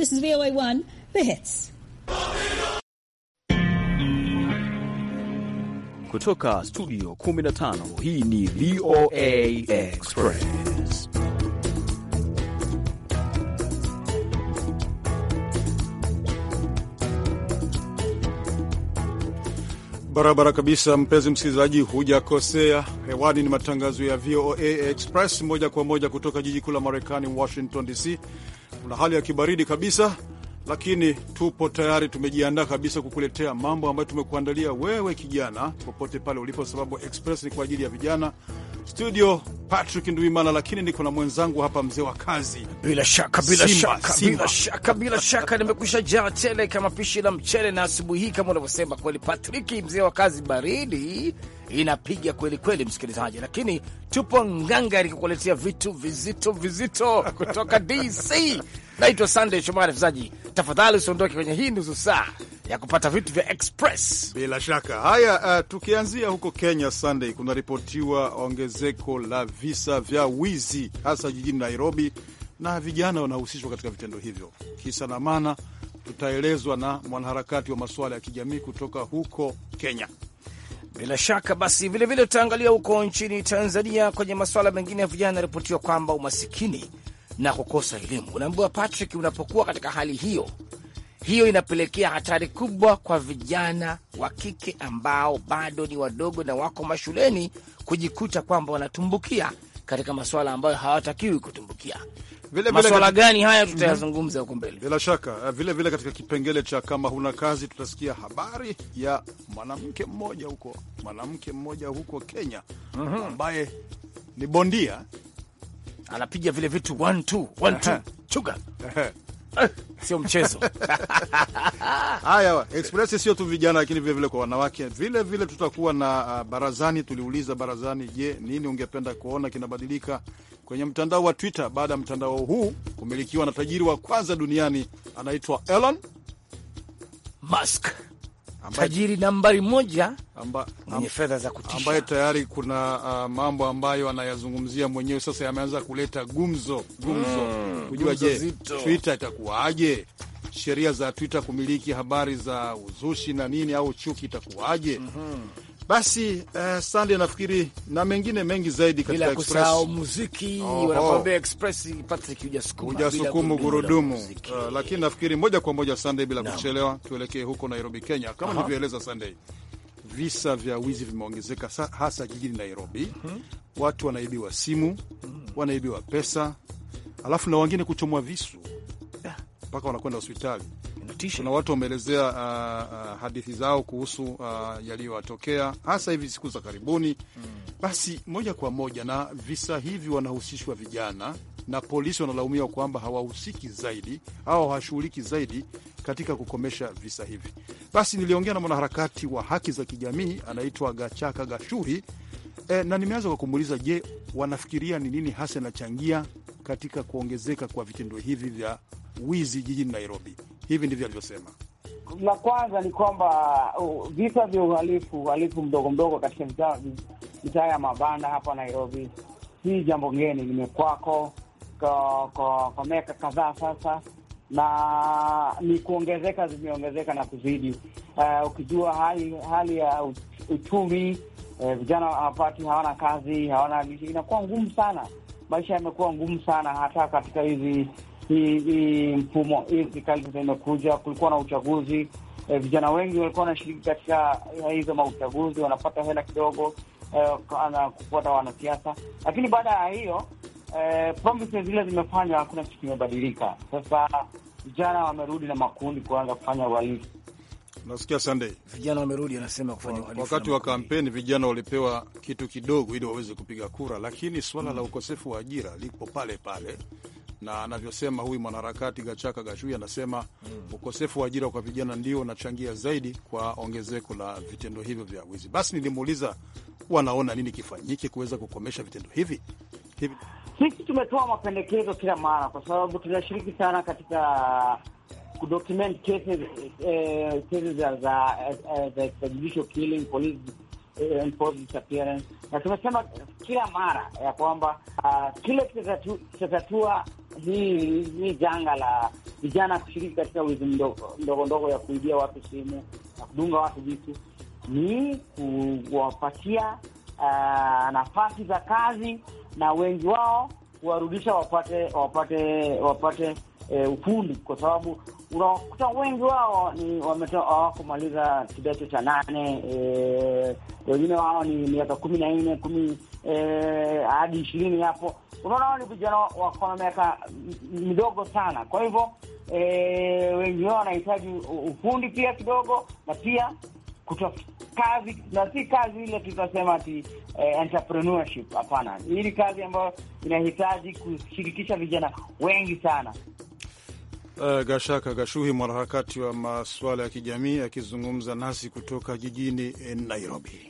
this is VOA1 The Hits. Kutoka studio 15 hii ni VOA Express. Barabara kabisa, mpenzi msikilizaji, hujakosea. Hewani ni matangazo ya VOA Express moja kwa moja kutoka jiji kuu la Marekani, Washington DC kuna hali ya kibaridi kabisa, lakini tupo tayari, tumejiandaa kabisa kukuletea mambo ambayo tumekuandalia wewe kijana, popote pale ulipo, sababu Express ni kwa ajili ya vijana. Studio Patrick Nduimana, lakini niko na mwenzangu hapa, mzee wa kazi. Bila shaka, bila Simba, shaka, Simba. Bila shaka, bila shaka nimekwisha jaa tele kama pishi la mchele, na asubuhi hii kama unavyosema kweli, Patrick mzee wa kazi, baridi inapiga kweli kweli, msikilizaji, lakini tupo ngangari kukuletea vitu vizito vizito kutoka DC. Naitwa Sunday Shomari mzaji, tafadhali usiondoke kwenye hii nusu saa ya kupata vitu vya express. Bila shaka haya, uh, tukianzia huko Kenya Sunday, kunaripotiwa ongezeko la visa vya wizi hasa jijini Nairobi, na vijana wanahusishwa katika vitendo hivyo. Kisa na maana tutaelezwa na mwanaharakati wa masuala ya kijamii kutoka huko Kenya. Bila shaka basi, vilevile tutaangalia huko nchini Tanzania kwenye masuala mengine. ya Vijana anaripotiwa kwamba umasikini na kukosa elimu, unaambiwa Patrick, unapokuwa katika hali hiyo hiyo inapelekea hatari kubwa kwa vijana wa kike ambao bado ni wadogo na wako mashuleni kujikuta kwamba wanatumbukia katika masuala ambayo hawatakiwi kutumbukia vile vile masuala katika... gani haya mhm. tutayazungumza huko mbele bila shaka. Eh, vile vile katika kipengele cha kama huna kazi, tutasikia habari ya mwanamke mmoja huko, mwanamke mmoja huko Kenya mhm. ambaye mm -hmm. ni bondia anapiga vile vitu one two one two chuga eh, sio mchezo haya. Express sio tu vijana, lakini vilevile kwa wanawake. Vile vile tutakuwa na uh, barazani. Tuliuliza barazani, je, nini ungependa kuona kinabadilika kwenye mtandao wa Twitter baada ya mtandao huu kumilikiwa na tajiri wa kwanza duniani anaitwa Elon Musk ambaye, tajiri nambari moja amba, mwenye fedha za kutisha ambaye tayari kuna uh, mambo ambayo anayazungumzia mwenyewe sasa yameanza kuleta gumzo gumzo mm, kujua je, Twitter itakuwaje? Sheria za Twitter kumiliki habari za uzushi na nini au chuki itakuwaje? mm -hmm. Basi eh, sande, nafikiri na mengine mengi zaidi katika express muziki, wanakuambia express gurudumu uh, lakini nafikiri moja kwa moja Sande, bila no. kuchelewa tuelekee huko Nairobi, Kenya. Kama nilivyoeleza Sande, visa vya wizi vimeongezeka hasa jijini Nairobi. hmm. watu wanaibiwa simu, hmm. wanaibiwa pesa, alafu na wengine kuchomwa visu ah. mpaka wanakwenda hospitali kuna watu wameelezea uh, uh, hadithi zao kuhusu uh, yaliyowatokea hasa hivi siku za karibuni mm. Basi moja kwa moja na visa hivi wanahusishwa vijana na polisi wanalaumiwa kwamba hawahusiki zaidi au hawashughuliki zaidi katika kukomesha visa hivi. Basi niliongea na mwanaharakati wa haki za kijamii anaitwa Gachaka Gashuhi e, eh, na nimeanza kwa kumuuliza, je, wanafikiria ni nini hasa inachangia katika kuongezeka kwa vitendo hivi vya wizi jijini Nairobi? Hivi ndivyo alivyosema. La kwanza ni kwamba uh, visa vya uhalifu uhalifu mdogo mdogo katika mitaa ya mabanda hapa Nairobi si jambo geni, limekwako kwa, kwa, kwa miaka kadhaa sasa, na ni kuongezeka, zimeongezeka na kuzidi. Uh, ukijua hali hali ya uchumi uh, vijana hawapati, hawana kazi, hawana, inakuwa ngumu sana, maisha yamekuwa ngumu sana, hata katika hizi hii mfumo hii serikali sasa imekuja, kulikuwa na uchaguzi e, vijana wengi walikuwa wanashiriki katika eh, hizo mauchaguzi, wanapata hela kidogo eh, na kufuata wanasiasa, lakini baada ya hiyo e, promises zile zimefanywa, hakuna kitu kimebadilika. Sasa vijana wamerudi na makundi kuanza kufanya uhalifu. Nasikia Sunday, vijana wamerudi, anasema kufanya uhalifu. Wakati wa kampeni vijana walipewa kitu kidogo ili waweze kupiga kura, lakini swala mm, la ukosefu wa ajira lipo pale pale na anavyosema huyu mwanaharakati Gachaka Gashui anasema mm. ukosefu wa ajira kwa vijana ndio unachangia zaidi kwa ongezeko la vitendo hivyo vya wizi. Basi nilimuuliza wanaona nini kifanyike kuweza kukomesha vitendo hivi hivi. Sisi tumetoa mapendekezo kila mara, kwa sababu tunashiriki sana katika kudocument cases, eh, cases eh, za za judicial killing, police eh, na tumesema kila mara ya kwamba uh, kile kitatatua hii hii janga la vijana kushiriki katika wizi ndogo ndogo ya kuibia watu simu na kudunga watu vitu ni kuwapatia uh, nafasi za kazi na wengi wao kuwarudisha wapate wapate wapate e, ufundi, kwa sababu unakuta wengi wao ni hawakumaliza kidato cha nane, eh, wengine wao ni miaka kumi na nne kumi Eh, hadi eh, ishirini hapo. Unaona ni vijana wako na miaka midogo sana, kwa hivyo eh, wengi wao wanahitaji ufundi pia kidogo na pia kutafuta kazi, na si kazi ile tutasema ati eh, entrepreneurship. Hapana, hii ni kazi ambayo inahitaji kushirikisha vijana wengi sana. Uh, Gashaka Gashuhi, mwanaharakati wa masuala ya kijamii akizungumza nasi kutoka jijini eh, Nairobi.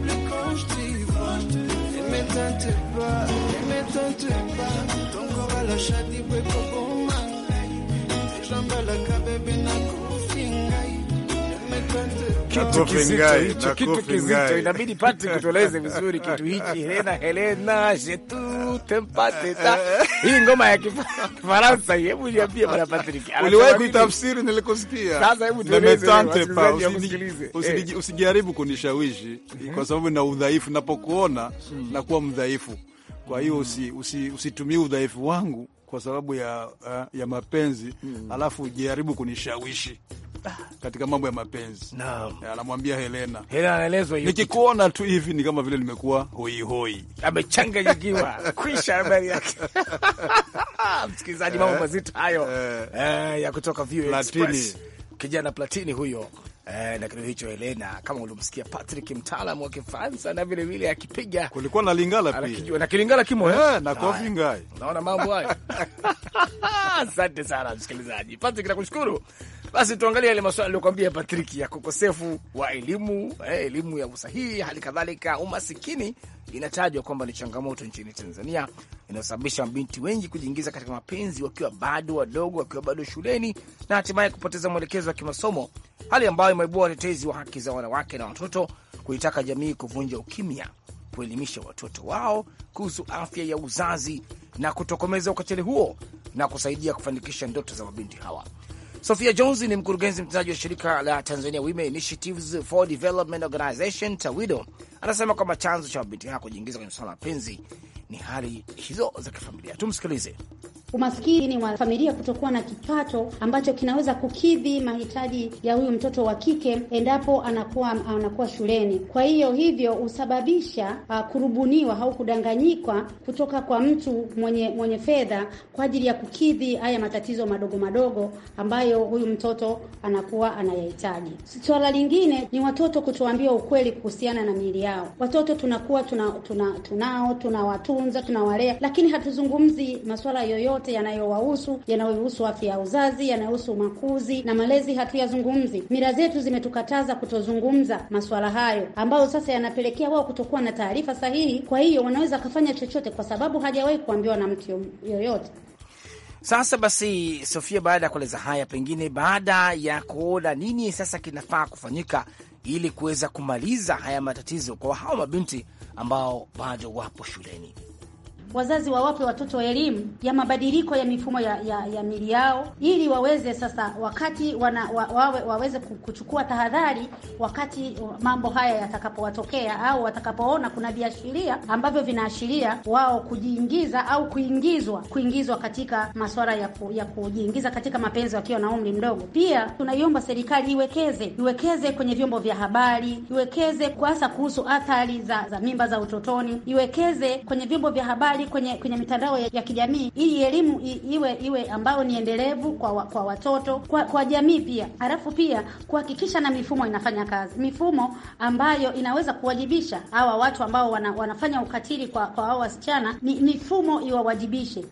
Kitu kizito hicho, kitu kizito. Inabidi pati kutueleze vizuri kitu hichi Helena, Helena, Jetu tu tempate ta. Eh. Hii ngoma ya Kifaransa, hebu niambie bwana Patrick. Uliwahi kuitafsiri nilikusikia. Sasa hebu tueleze. Eh. Usijaribu kunishawishi mhm. kwa sababu na udhaifu napokuona hmm. nakuwa mdhaifu. Kwa hiyo hmm. usi, usi, usitumie udhaifu wangu kwa sababu ya, eh, ya mapenzi hmm. Alafu jaribu kunishawishi katika mambo ya mapenzi. Eh, anamwambia Helena, Helena anaelezwa hiyo, nikikuona tu hivi ni kama vile nimekuwa hoihoi, hoi, amechanganyikiwa kwisha habari yake. Msikilizaji, mambo eh. mazito hayo eh. eh, ya kutoka View Express, kijana Platini huyo eh, na kitu hicho Helena, kama ulimsikia Patrick, mtaalam wa Kifaransa na vile vile akipiga, kulikuwa na Lingala pia na Kilingala kimo eh, na kofi ngai. Unaona mambo hayo. Asante sana msikilizaji. Patrick, nakushukuru. Basi tuangalie yale maswala aliyokwambia Patrick ya ukosefu wa elimu, eh, elimu ya usahihi, hali kadhalika umasikini inatajwa kwamba ni changamoto nchini Tanzania inayosababisha mabinti wengi kujiingiza katika mapenzi wakiwa bado wadogo, wakiwa bado shuleni na hatimaye kupoteza mwelekezo wa kimasomo, hali ambayo imeibua watetezi wa haki za wanawake na watoto kuitaka jamii kuvunja ukimya, kuelimisha watoto wao kuhusu afya ya uzazi na kutokomeza ukatili huo na kusaidia kufanikisha ndoto za mabinti hawa. Sofia Jones ni mkurugenzi mtendaji wa shirika la Tanzania Women Initiatives for Development Organization TAWIDO, anasema kwamba chanzo cha mabinti haya kujiingiza kwenye swala la penzi ni hali hizo za kifamilia. Tumsikilize umaskini wa familia kutokuwa na kipato ambacho kinaweza kukidhi mahitaji ya huyu mtoto wa kike endapo anakuwa anakuwa shuleni. Kwa hiyo hivyo husababisha uh, kurubuniwa au kudanganyikwa kutoka kwa mtu mwenye mwenye fedha kwa ajili ya kukidhi haya matatizo madogo madogo ambayo huyu mtoto anakuwa anayahitaji. Swala lingine ni watoto kutoambiwa ukweli kuhusiana na miili yao. Watoto tunakuwa tuna, tuna, tunao tunawatunza tunawalea, lakini hatuzungumzi masuala yoyote yote yanayowahusu, yanayohusu afya ya uzazi, yanayohusu makuzi na malezi, hatuyazungumzi. Mila zetu zimetukataza kutozungumza masuala hayo, ambayo sasa yanapelekea wao kutokuwa na taarifa sahihi. Kwa hiyo wanaweza akafanya chochote, kwa sababu hajawahi kuambiwa na mtu yoyote. Sasa basi, Sofia, baada ya kueleza haya, pengine baada ya kuona nini sasa kinafaa kufanyika ili kuweza kumaliza haya matatizo kwa hawa mabinti ambao bado wapo shuleni wazazi wawape watoto elimu ya mabadiliko ya mifumo ya, ya, ya mili yao ili waweze sasa wakati wana, wa, wawe, waweze kuchukua tahadhari wakati mambo haya yatakapowatokea au watakapoona kuna viashiria ambavyo vinaashiria wao kujiingiza au kuingizwa kuingizwa katika masuala ya, ku, ya kujiingiza katika mapenzi wakiwa na umri mdogo. Pia tunaiomba serikali iwekeze iwekeze kwenye vyombo vya habari, iwekeze hasa kuhusu athari za, za mimba za utotoni, iwekeze kwenye vyombo vya habari mbalimbali kwenye kwenye mitandao ya, ya kijamii ili elimu iwe iwe ambayo ni endelevu kwa, kwa watoto kwa, kwa jamii pia, halafu pia kuhakikisha na mifumo inafanya kazi, mifumo ambayo inaweza kuwajibisha hawa watu ambao wana, wanafanya ukatili kwa kwa hao wasichana, ni mifumo iwawajibishe.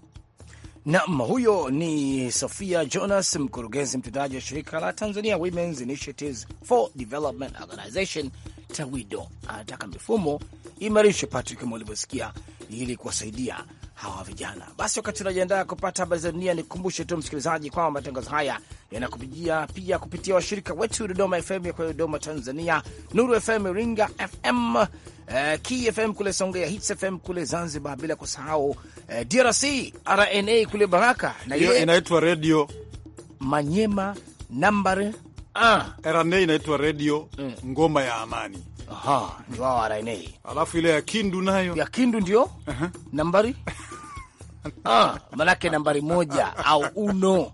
Naam, huyo ni Sofia Jonas, mkurugenzi mtendaji wa shirika la Tanzania Women's Initiatives for Development Organization Tawido anataka mifumo imarishwe, Patrick, kama ulivyosikia, ili kuwasaidia hawa vijana. Basi wakati unajiandaa kupata habari za dunia, nikumbushe tu msikilizaji kwamba matangazo haya yanakupijia pia kupitia washirika wetu Dodoma FM ya kwa Dodoma Tanzania, Nuru FM, Iringa FM, uh, eh, KFM kule Songea, Hits FM kule Zanzibar, bila kusahau uh, eh, DRC RNA kule Baraka, na inaitwa redio Manyema nambari ah. RNA inaitwa redio mm. Eh. ngoma ya amani. Aha, ni wao RNA. Alafu ile ya Kindu nayo ya Kindu ndio uh -huh. nambari ah, manake nambari moja au uno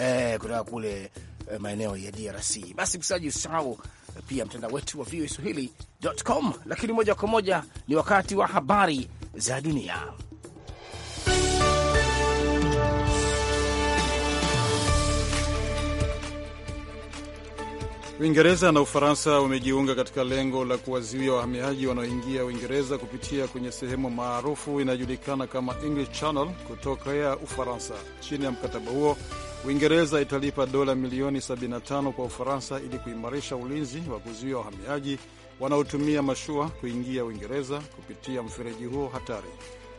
eh, kutoka kule eh, maeneo ya DRC. Basi msaji usahau eh, pia mtandao wetu wa voaswahili.com, lakini moja kwa moja ni wakati wa habari za dunia. Uingereza na Ufaransa wamejiunga katika lengo la kuwazuia wahamiaji wanaoingia Uingereza kupitia kwenye sehemu maarufu inayojulikana kama English Channel kutokea Ufaransa. Chini ya mkataba huo, Uingereza italipa dola milioni 75 kwa Ufaransa ili kuimarisha ulinzi wa kuzuia wahamiaji wanaotumia mashua kuingia Uingereza kupitia mfereji huo hatari.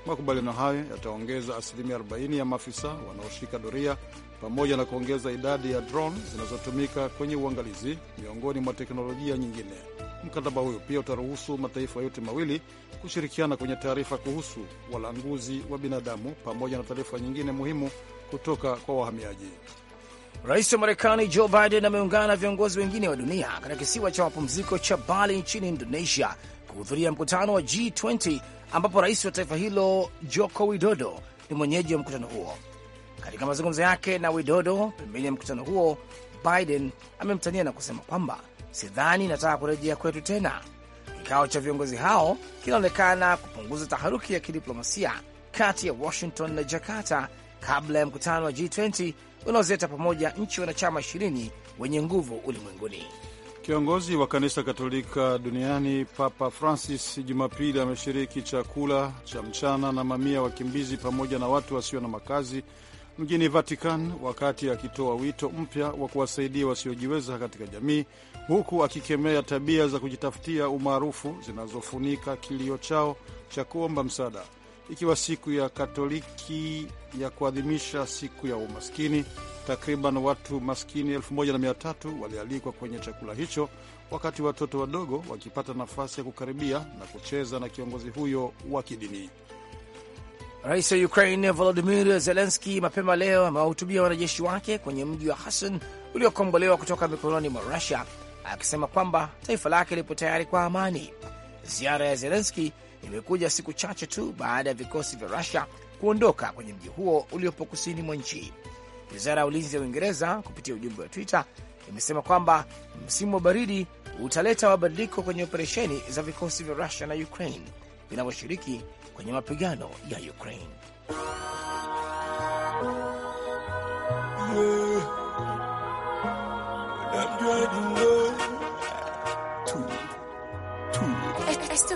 Makubaliano hayo yataongeza asilimia 40 ya maafisa wanaoshika doria pamoja na kuongeza idadi ya drone zinazotumika kwenye uangalizi, miongoni mwa teknolojia nyingine. Mkataba huyo pia utaruhusu mataifa yote mawili kushirikiana kwenye taarifa kuhusu walanguzi wa binadamu pamoja na taarifa nyingine muhimu kutoka kwa wahamiaji. Rais wa Marekani Joe Biden ameungana na viongozi wengine wa dunia katika kisiwa cha mapumziko cha Bali nchini Indonesia kuhudhuria mkutano wa G20 ambapo rais wa taifa hilo Joko Widodo ni mwenyeji wa mkutano huo. Katika mazungumzo yake na Widodo pembeni ya mkutano huo, Biden amemtania na kusema kwamba sidhani nataka kurejea kwetu tena. Kikao cha viongozi hao kinaonekana kupunguza taharuki ya kidiplomasia kati ya Washington na Jakarta kabla ya mkutano wa G20 unaozeta pamoja nchi wanachama ishirini wenye nguvu ulimwenguni. Kiongozi wa kanisa Katolika duniani Papa Francis Jumapili ameshiriki chakula cha mchana na mamia wakimbizi pamoja na watu wasio na makazi mjini Vatican wakati akitoa wito mpya wa kuwasaidia wasiojiweza katika jamii, huku akikemea tabia za kujitafutia umaarufu zinazofunika kilio chao cha kuomba msaada. Ikiwa siku ya Katoliki ya kuadhimisha siku ya umaskini, Takriban watu maskini 13 walialikwa kwenye chakula hicho, wakati watoto wadogo wakipata nafasi ya kukaribia na kucheza na kiongozi huyo wa kidini. Rais wa Ukraine Volodimir Zelenski mapema leo amewahutubia wanajeshi wake kwenye mji wa Hasan uliokombolewa kutoka mikononi mwa Rusia, akisema kwamba taifa lake lipo tayari kwa amani. Ziara ya Zelenski imekuja siku chache tu baada ya vikosi vya Rusia kuondoka kwenye mji huo uliopo kusini mwa nchi. Wizara ya ulinzi ya Uingereza kupitia ujumbe wa Twitter imesema kwamba msimu wa baridi utaleta mabadiliko kwenye operesheni za vikosi vya Rusia na Ukraine vinavyoshiriki kwenye mapigano ya Ukraine.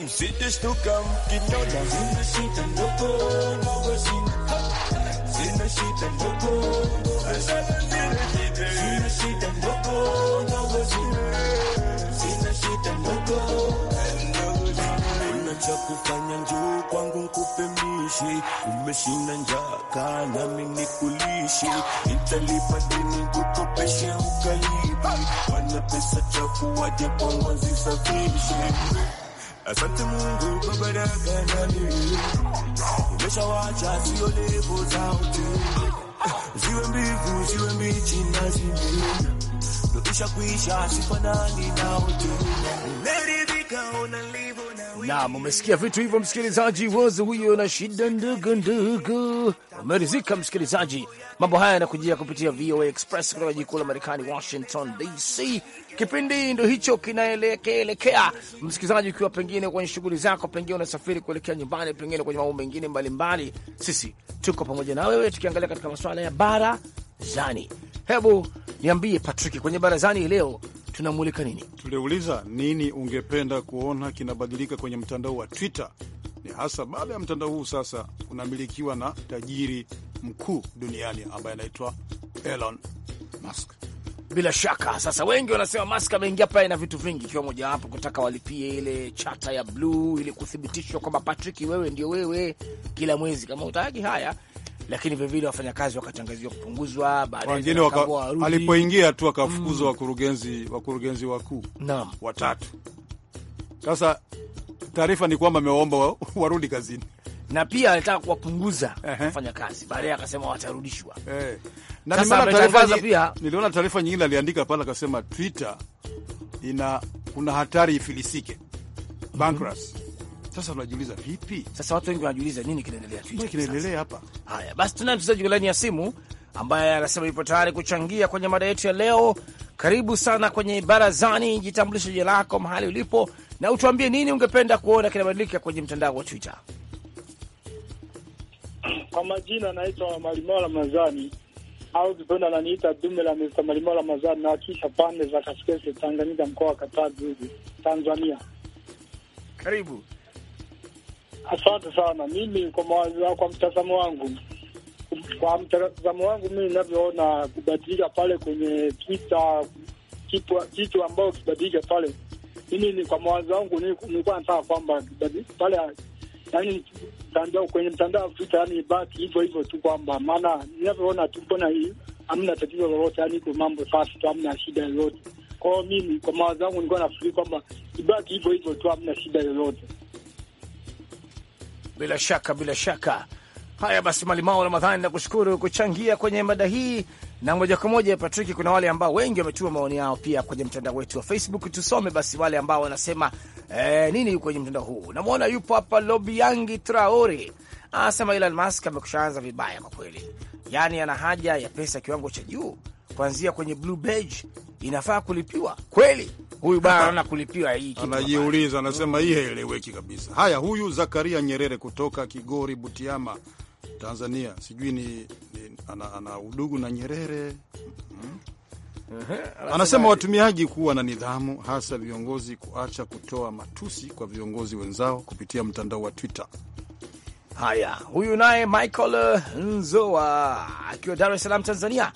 msitishtuka mkiniona zinashita ndogo zinashita ndogo zinashita ndogo zinashita ndogo cha kufanya njoo kwangu nkupe mishi, umeshinda njaa kaa nami nikulishi, nitalipa deni kukopesha ukalibi, wana pesa chafu waje kwangu wazisafirishe Asante Mungu baba na kanani, umeshawaacha sio levo zote, ziwe mbivu ziwe mbichi na zimeiva, ndo isha kuisha sifanani na wote, nimeridhika onali Naam, umesikia vitu hivyo msikilizaji, Wazo huyo na shida ndogo ndogo. Umerizika msikilizaji, mambo haya yanakujia kupitia VOA Express kutoka jikuu la Marekani, Washington DC. Kipindi ndo hicho kinaelekeelekea msikilizaji, ukiwa pengine kwenye shughuli zako, pengine unasafiri kuelekea nyumbani, pengine kwenye mambo mengine mbalimbali, sisi tuko pamoja na wewe tukiangalia katika masuala ya barazani. Hebu niambie Patrick, kwenye barazani leo tunamulika nini? Tuliuliza nini ungependa kuona kinabadilika kwenye mtandao wa Twitter, ni hasa baada ya mtandao huu sasa unamilikiwa na tajiri mkuu duniani ambaye anaitwa Elon Musk. Bila shaka sasa, wengi wanasema Musk ameingia pale na vitu vingi, ikiwa mojawapo kutaka walipie ile chata ya bluu ili kuthibitishwa kwamba Patrick, wewe ndio wewe, kila mwezi kama utaki haya lakini vilevile wafanyakazi wakatangaziwa kupunguzwa, baadaye alipoingia tu akafukuzwa mm. wakurugenzi wakurugenzi wakuu watatu. Sasa taarifa ni kwamba amewaomba warudi kazini na pia alitaka kuwapunguza wafanyakazi, kazi, baadaye akasema watarudishwa. Eh. Niliona taarifa nyingine aliandika pale, akasema Twitter ina kuna hatari ifilisike, mm -hmm. Sasa unajiuliza vipi? Sasa watu wengi wanajiuliza nini kinaendelea, kinaendelea hapa. Haya basi, tunaye msikilizaji laini ya simu ambaye anasema yupo tayari kuchangia kwenye mada yetu ya leo. Karibu sana kwenye barazani, jitambulishe jina lako, mahali ulipo, na utuambie nini ungependa kuona kinabadilika kwenye mtandao wa Twitter. Kwa majina naitwa Malimao Ramadhani au kipenda naniita dume la Mr. Malimao Ramadhani, na akisha pande za kaskazini Tanganyika, mkoa wa Katavi, Tanzania. Karibu. Asante sana. Mimi kwa mawazo yao, kwa mtazamo wangu, kwa mtazamo wangu mimi ninavyoona kubadilika pale kwenye Twitter, kitu ambayo kibadilika pale, mimi ni kwa mawazo wangu nilikuwa nataka kwamba kibadilike pale yaani mtandao kwenye mtandao wa Twitter yani baki hivyo hivyo tu, kwamba maana ninavyoona tu, mbona hii hamna tatizo lolote, yani iko mambo safi tu, hamna shida yoyote. Kwa hiyo mimi kwa mawazo yangu nilikuwa nafikiri kwamba ibaki hivyo hivyo tu, hamna shida yoyote. Bila shaka, bila shaka. Haya basi, Malimao Ramadhani, nakushukuru kuchangia kwenye mada hii na moja kwa moja Patrick, kuna wale ambao wengi wametuma maoni yao pia kwenye mtandao wetu wa Facebook. Tusome basi wale ambao wanasema eh, nini kwenye mtandao huu. Namwona yupo hapa Lobiangi Traore anasema Elon Musk amekushaanza vibaya kwa kweli, yaani ana haja ya pesa kiwango cha juu, kuanzia kwenye Blue Badge inafaa kulipiwa kweli huyu bwana anaona kulipiwa hii kitu, anajiuliza, anasema hii haieleweki kabisa. Haya, huyu Zakaria Nyerere kutoka Kigori, Butiama, Tanzania, sijui ni, ni ana, ana udugu na Nyerere -hmm. Anasema watumiaji kuwa na nidhamu, hasa viongozi kuacha kutoa matusi kwa viongozi wenzao kupitia mtandao wa Twitter. Haya, huyu naye Michael Nzoa akiwa Dar es Salaam, Tanzania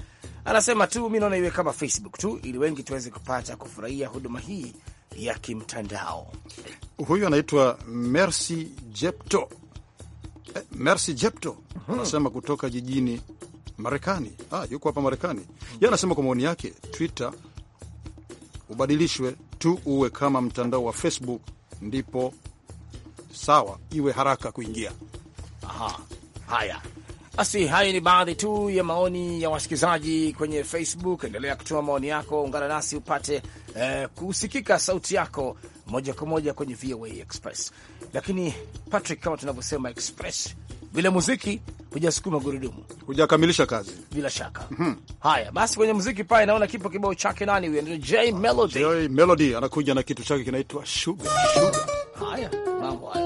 Anasema tu mi naona iwe kama Facebook tu, ili wengi tuweze kupata kufurahia huduma hii ya kimtandao. Huyu anaitwa Merci Jepto, eh, Merci Jepto mhm. anasema kutoka jijini Marekani. Ah, yuko hapa Marekani. Yeye anasema kwa maoni yake, Twitter ubadilishwe tu uwe kama mtandao wa Facebook, ndipo sawa, iwe haraka kuingia. Aha, haya basi hayo ni baadhi tu ya maoni ya wasikilizaji kwenye Facebook. Endelea kutuma maoni yako, ungana nasi upate eh, kusikika sauti yako moja kwa moja kwenye VOA Express. Lakini Patrick, kama tunavyosema express bila muziki hujasukuma gurudumu, hujakamilisha kazi bila shaka. mm -hmm. Haya basi, kwenye muziki pale naona kipo kibao chake nani huyo? J Melody. J Melody anakuja na kitu chake kinaitwa Sugar. Sugar. Haya mambo haya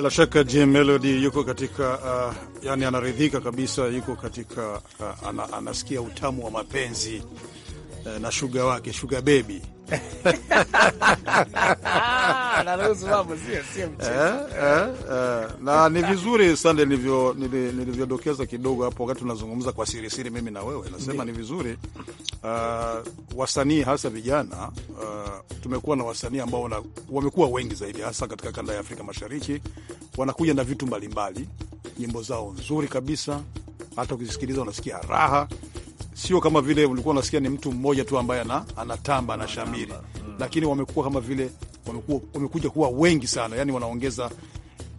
Bila shaka Jim Melody yuko katika uh, yani anaridhika kabisa, yuko katika uh, ana, anasikia utamu wa mapenzi Eh, na shuga wake shuga bebi ah, eh, eh, na ni vizuri Sande, nilivyodokeza kidogo hapo wakati tunazungumza kwa sirisiri, mimi na wewe, nasema ni vizuri uh, wasanii hasa vijana uh, tumekuwa na wasanii ambao wamekuwa wengi zaidi hasa katika kanda ya Afrika Mashariki, wanakuja na vitu mbalimbali, nyimbo zao nzuri kabisa, hata ukizisikiliza unasikia raha sio kama vile ulikuwa unasikia ni mtu mmoja tu ambaye anatamba na shamiri, lakini wamekuwa kama vile wamekuwa, wamekuja kuwa wengi sana, yani wanaongeza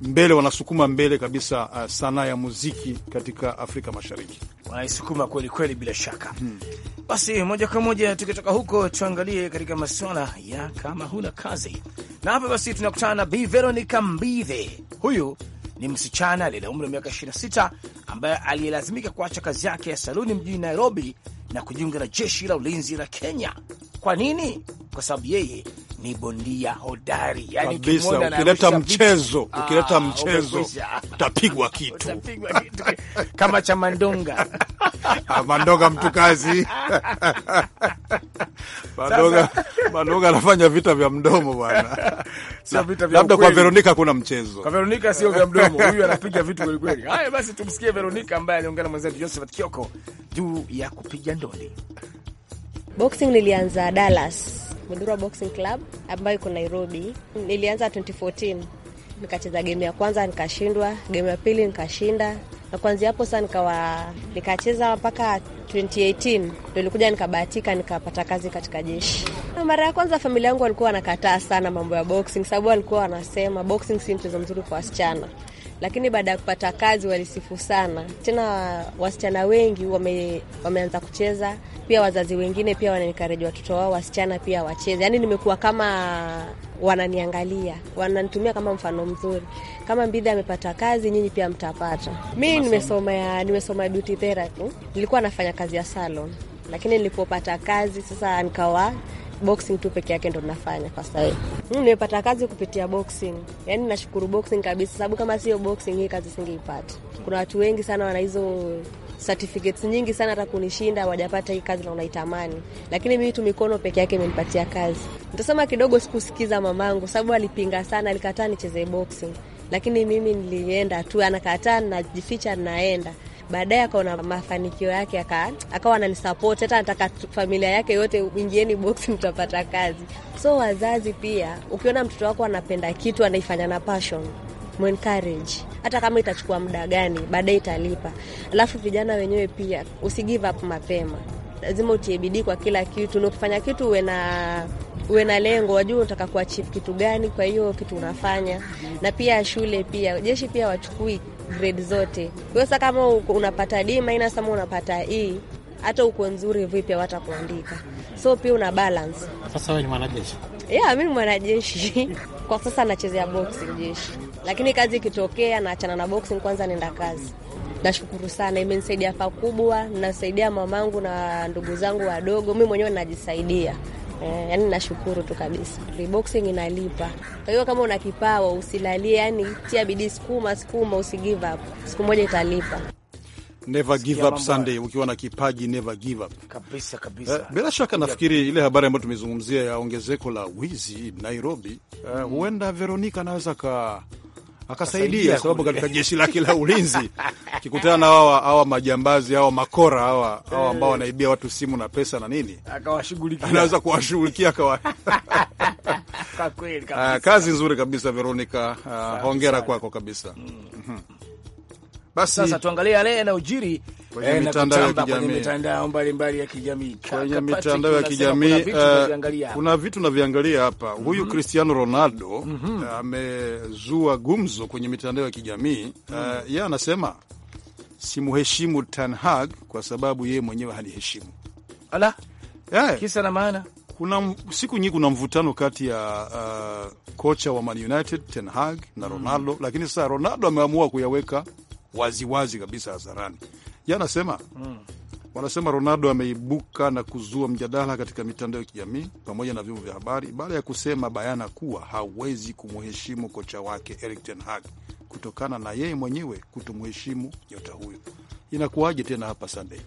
mbele wanasukuma mbele kabisa uh, sanaa ya muziki katika Afrika Mashariki wanaisukuma kweli kweli, bila shaka hmm. Basi moja kwa moja tukitoka huko tuangalie katika masuala ya kama huna kazi, na hapa basi tunakutana na Bi Veronica Mbithe, huyu ni msichana aliye na umri wa miaka 26 ambaye aliyelazimika kuacha kazi yake ya saluni mjini Nairobi na kujiunga na jeshi la ulinzi la Kenya. Kwa nini? Kwa sababu yeye ni bondia hodari yani, kabisa. Ah, ukileta mchezo ukileta mchezo utapigwa kitu kama cha Mandonga ah, Mandonga mtu kazi Mandonga Mandonga anafanya vita vya mdomo bwana, labda kwa Veronika kuna mchezo kwa Veronika sio vya mdomo, huyu anapiga vitu kweli kweli. Haya basi, tumsikie Veronika ambaye aliongea na mwenzetu Josephat Kioko juu ya kupiga ndoli. Boxing nilianza Dallas Mudhurwa Boxing Club ambayo iko Nairobi. Nilianza 2014 nikacheza game ya kwanza nikashindwa, game ya pili nikashinda, na kuanzia hapo sasa nikawa nikacheza mpaka 2018 ndio nilikuja nikabahatika nikapata kazi katika jeshi. Mara ya kwanza familia yangu walikuwa wanakataa sana mambo ya boxing, sababu walikuwa wanasema boxing si mchezo mzuri kwa wasichana lakini baada ya kupata kazi walisifu sana tena. Wasichana wengi wame, wameanza kucheza pia, wazazi wengine pia wananikaraji watoto wao wasichana pia wacheze. Yani nimekuwa kama wananiangalia, wananitumia kama mfano mzuri. Kama mbidhi amepata kazi, nyinyi pia mtapata. Mi nimesoma nimesoma beauty therapy, nilikuwa nafanya kazi ya salon, lakini nilipopata kazi sasa nikawa boxing tu peke yake ndo nafanya kwa sasa Mimi nimepata kazi kupitia boxing, yaani nashukuru boxing kabisa, sababu kama sio boxing hii kazi singeipata. Kuna watu wengi sana wana hizo certificates nyingi sana hata kunishinda wajapata hii kazi na unaitamani, lakini mimi tu mikono peke yake imenipatia kazi. Nitasema kidogo sikusikiza mamangu, sababu alipinga sana, alikataa nicheze boxing, lakini mimi nilienda tu, anakataa, najificha, naenda baadaye akaona mafanikio yake, akawa ananisapoti, hata nataka familia yake yote, ingieni box mtapata kazi. So wazazi pia, ukiona mtoto wako anapenda kitu, anaifanya na passion Mwencourage, hata kama itachukua muda gani, baadaye italipa. Alafu vijana wenyewe pia usigive up mapema, lazima utie bidii kwa kila kitu, na ukifanya kitu uwe na uwe na lengo, wajua unataka kuachieve kitu gani kwa hiyo kitu unafanya. Na pia shule pia, jeshi pia wachukui grade zote. Kwa sasa kama unapata D minus ama unapata E, hata uko nzuri vipi hawatakuandika. So pia una balance. Sasa wewe ni mwanajeshi? Yeah, mimi ni mwanajeshi. Kwa sasa nachezea boxing jeshi. Lakini kazi ikitokea naachana na boxing kwanza nenda kazi. Nashukuru sana, imenisaidia pakubwa, nasaidia mamangu na ndugu zangu wadogo, mimi mwenyewe najisaidia. Eh, yani nashukuru tu kabisa. Kickboxing inalipa. Kwa hiyo kama una kipawa usilalie, yani tia bidii, sukuma sukuma, usi give up. Siku moja italipa. Never give up Sunday, ukiwa na kipaji never give up kabisa kabisa. Eh, bila shaka nafikiri ile habari ambayo tumezungumzia ya ongezeko la wizi Nairobi, eh, mm-hmm. huenda Veronica anaweza ka akasaidia, sababu katika jeshi lake la ulinzi akikutana na hawa hawa majambazi hawa makora hawa hawa ambao eh. wanaibia watu simu na pesa na nini, akawashughulikia, anaweza kuwashughulikia kabisa. Ah, kazi nzuri kabisa Veronica, ah, hongera kwako kabisa. Mm. Mhm. Basi sasa tuangalie yale yanayojiri kwenye eh, mitandao ya kijamii, mitandao mbalimbali ya kijamii, kwenye mitandao ya kijamii kuna vitu eh, naviangalia hapa. mm -hmm. Huyu Cristiano Ronaldo mm -hmm. amezua gumzo kwenye mitandao ya kijamii mm -hmm. uh, yeye anasema simuheshimu Ten Hag kwa sababu yeye mwenyewe haniheshimu. Ala, yeah. Kisa na maana kuna siku nyingi kuna mvutano kati ya uh, kocha wa Man United Ten Hag na mhm. Ronaldo mm. Lakini sasa Ronaldo ameamua kuyaweka waziwazi kabisa hadharani anasema mm. Wanasema Ronaldo ameibuka na kuzua mjadala katika mitandao ya kijamii pamoja na vyombo vya habari baada ya kusema bayana kuwa hawezi kumheshimu kocha wake Erik ten Hag kutokana na yeye mwenyewe kutomheshimu nyota huyo. Inakuwaje tena hapa Sunday?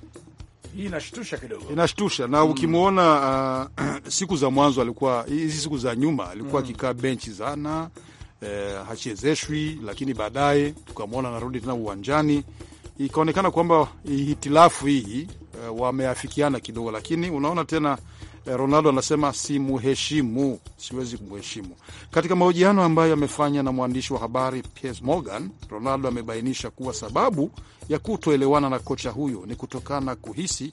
Hii inashtusha kidogo, inashtusha na mm. Ukimwona uh, siku za mwanzo alikuwa, hizi siku za nyuma alikuwa hmm. akikaa mm. benchi sana eh, hachezeshwi, lakini baadaye tukamwona anarudi tena uwanjani ikaonekana kwamba hitilafu hii uh, wameafikiana kidogo, lakini unaona tena eh, Ronaldo anasema simuheshimu, siwezi kumheshimu. Katika mahojiano ambayo amefanya na mwandishi wa habari Piers Morgan, Ronaldo amebainisha kuwa sababu ya kutoelewana na kocha huyo ni kutokana na kuhisi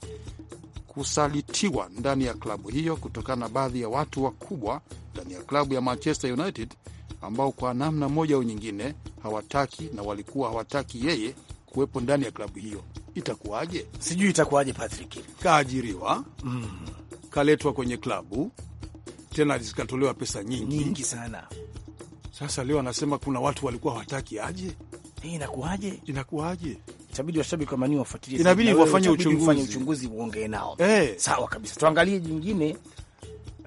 kusalitiwa ndani ya klabu hiyo kutokana na baadhi ya watu wakubwa ndani ya klabu ya Manchester United ambao kwa namna moja au nyingine hawataki na walikuwa hawataki yeye kuwepo ndani ya klabu hiyo, itakuwaje? Sijui itakuwaje Patrick. Kaajiriwa mm, kaletwa kwenye klabu tena, zikatolewa pesa nyingi nyingi sana. Sasa leo anasema kuna watu walikuwa hawataki aje. Hey, eh, inakuwaje? Inakuwaje? Itabidi washabiki wa Mani wafuatilie, inabidi wafanye uchunguzi, uchunguzi uongee nao. Hey. Eh. Sawa kabisa, tuangalie jingine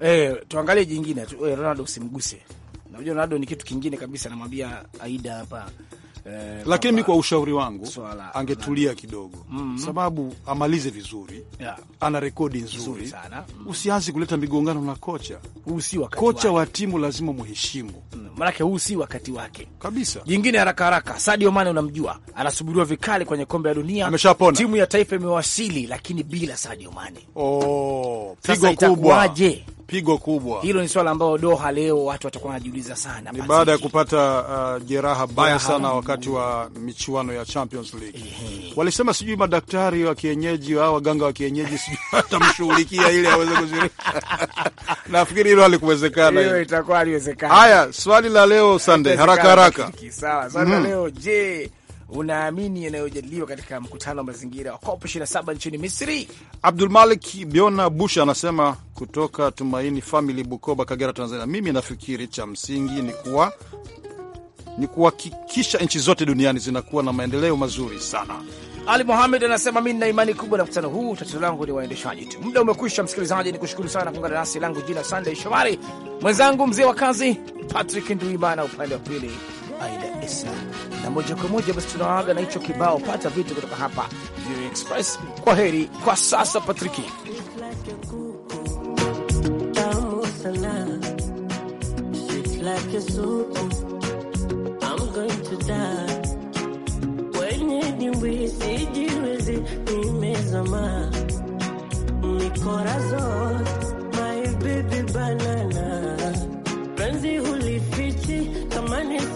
Eh, tuangalie jingine tu, eh, Ronaldo usimguse. Unajua Ronaldo ni kitu kingine kabisa, namwambia Aida hapa eh, lakini mi kwa ushauri wangu swala, angetulia kidogo mm -hmm. sababu amalize vizuri yeah. ana rekodi nzuri sana mm. Usianze kuleta migongano na kocha, kocha wa timu lazima muheshimu mm. Manake huu si wakati wake kabisa. Jingine haraka haraka, Sadio Mane unamjua, anasubiriwa vikali kwenye kombe la dunia, ameshapona. Timu ya taifa imewasili, lakini bila Sadio Mane oh, pigo kubwa. Itakuwaje? pigo kubwa hilo. Ni swala ambao Doha leo watu watakuwa wanajiuliza sana, ni baada ya kupata uh, jeraha baya sana wakati wa michuano ya Champions League. Walisema sijui madaktari wa kienyeji au waganga wa kienyeji sijui watamshughulikia ili aweze kuzirika. Nafikiri hilo halikuwezekana, hiyo itakuwa haliwezekana. Haya, swali la leo Sunday, haraka haraka, sawa swali la mm-hmm. leo je unaamini yanayojadiliwa katika mkutano wa mazingira wa COP 27 nchini Misri? Abdul Malik Biona Busha anasema kutoka Tumaini famili Bukoba, Kagera, Tanzania, mimi nafikiri cha msingi ni kuwa ni kuhakikisha nchi zote duniani zinakuwa na maendeleo mazuri sana. Ali Mohamed anasema mi nina imani kubwa na mkutano huu, tatizo langu ni waendeshaji tu. Muda umekwisha, msikilizaji, ni kushukuru sana kuungana nasi. Langu jina Sandey Shomari, mwenzangu mzee wa kazi Patrick Nduimana upande wa pili Aida Isa na moja kwa moja basi tunawaaga na hicho kibao pata vitu kutoka hapa View Express. Kwa heri kwa sasa, Patriki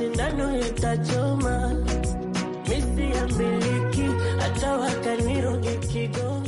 sindano itachoma, misi ya miliki hata wakanirogi kidogo